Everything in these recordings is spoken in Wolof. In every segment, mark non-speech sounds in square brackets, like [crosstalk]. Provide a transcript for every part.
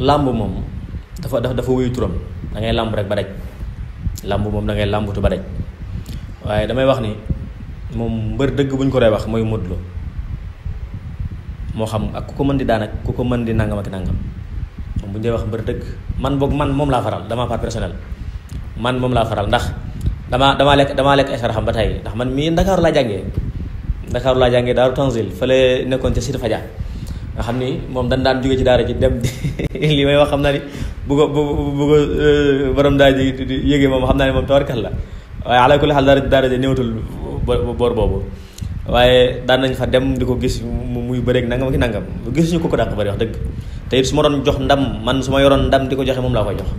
lambu moom dafa dafa wuyu turam da ngay lamb rek ba daj lamb moom da ngay làmbutu ba daj waaye damay wax ni moom mbër dëgg buñ ko dee wax mooy Modou Lo moo xam ak ku ko mën di daan ak ku ko mën di nangam ak nangam moom buñ dee wax mbër dëgg man boog man moom laa faral dama part personnel man moom laa faral ndax dama dama lekk dama lekk ay saraxam ba tey ndax man mii Ndakaaru laa jàngee Ndakaaru laa jàngee Daaru Tanzil fële nekkoon ca Sidi Fadia nga xam ni moom dañ daan jóge ci daara ji dem di [laughs] li may wax xam naa ni bu ko bu bu ko euh, borom ji di yëgee moom xam naa ni moom tawarkal la waaye ala kulli xaal daara daara ji néewatul boor boobu waaye daan nañ fa dem di ko gis muy bëreeg nangam ki nangam gis ñu ko ko dàq bëri wax dëgg te su ma doon jox ndam man su ma yoroon ndam di ko joxe moom laa koy jox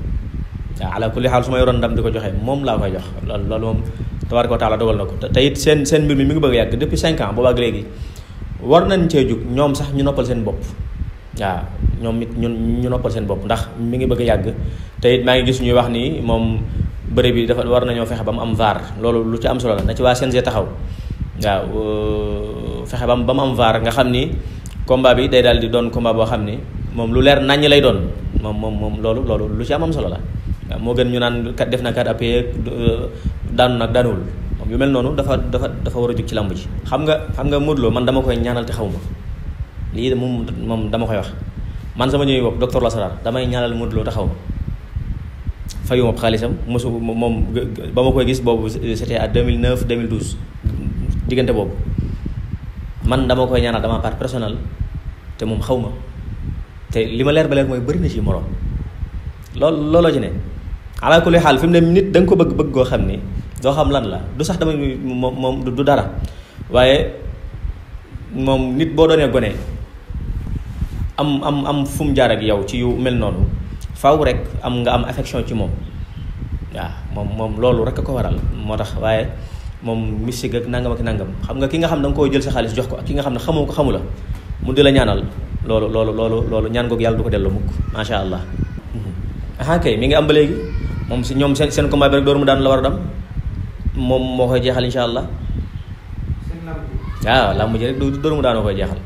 waaw ala kulli xaal su ma yoroon ndam di ko joxe moom laa jox loolu loolu moom tabaraka wa taala dogal na ko te it seen seen mbir mi mu ngi bëgg a yàgg depuis cinq ans boobaag léegi war nañ cee jug ñoom sax ñu noppal seen bopp waaw ñoom it ñun ñu noppal seen bopp ndax mi ngi bëgg a yàgg te maa ngi gis ñuy wax ni moom bëre bi dafa war nañoo fexe ba mu am vaar loolu lu ci am solo la na ci waa CNG taxaw waaw euh, fexe ba mu am vaar nga xam ni combat bi day daal di doon combat boo xam ni moom lu leer naññ lay doon moom moom moom loolu loolu lu ci am am solo la moo gën ñu naan kat def na kat appuyé euh, daanu nag daanuwul moom yu mel noonu dafa dafa dafa war a jóg ci làmb ji xam nga xam nga Modou man dama koy ñaanal te xaw ma lii de moom moom dama koy wax man sama ñëw bopp docteur Lassara damay ñaanal Modou Lo te xaw ma fayuma xaalisam mosu moom ba ma koy gis boobu c'était à 2009 2012 diggante boobu man dama koy ñaanal dama part personnel te moom xaw ma te li ma leer ba leer mooy bari na ci moroom lool looloo ci ne alaa kulli xaal fi mu ne nit da ko bëgg bëgg koo xam ni do xam lan la du sax dama moom du dara waaye moom nit boo doonee gone am am am fu mu jaar ak yow ci yu mel noonu faaw rek am nga am affection ci moom waaw ya, moom moom loolu rek ko waral moo tax waaye moom misig ak nangam ak nangam xam nga ki nga xam da nga koo jël sa xaalis jox ko ak ki nga xam ne xamoo ko xamu la mu di ñaanal loolu loolu loolu loolu ñaan yàlla du ko mukk macha allah mhm. aha kay mi ngi am ba léegi moom si ñoom seen seen combat bi rek door mu daan la war dam moom moo koy jeexal incha allah waaw làmb ji rek du dóor mu daanoo koy jeexal